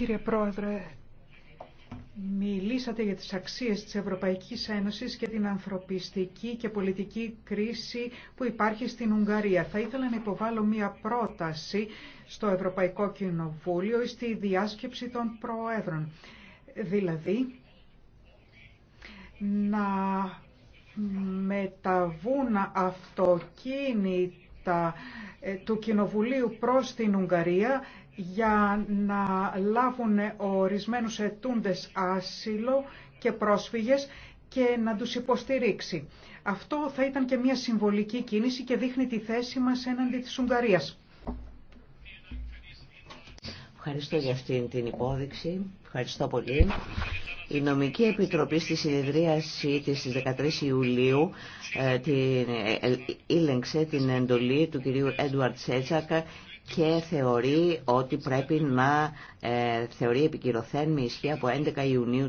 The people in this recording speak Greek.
Κύριε Πρόεδρε, μιλήσατε για τις αξίες της Ευρωπαϊκής Ένωσης και την ανθρωπιστική και πολιτική κρίση που υπάρχει στην Ουγγαρία. Θα ήθελα να υποβάλω μία πρόταση στο Ευρωπαϊκό Κοινοβούλιο ή στη διάσκεψη των Προέδρων. Δηλαδή, να μεταβούν αυτοκίνητα ε, του Κοινοβουλίου προς την Ουγγαρία για να λάβουν ορισμένους ετούντες άσυλο και πρόσφυγες και να τους υποστηρίξει. Αυτό θα ήταν και μια συμβολική κίνηση και δείχνει τη θέση μας έναντι της Ουγγαρίας. Ευχαριστώ για αυτήν την υπόδειξη. Ευχαριστώ πολύ. Η Νομική Επιτροπή στη συνεδρίασή της 13 Ιουλίου ε, την, ε, ε, ήλεγξε την εντολή του κυρίου Έντουαρτ Σέτσακα και θεωρεί ότι πρέπει να θεωρεί επικυρωθέν με ισχύ από 11 Ιουνίου